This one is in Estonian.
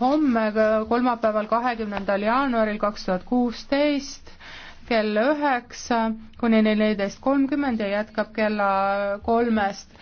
homme, kolmapäeval, kahekümnendal jaanuaril kaks tuhat kuusteist kell üheksa kuni neliteist kolmkümmend ja jätkab kella kolmest.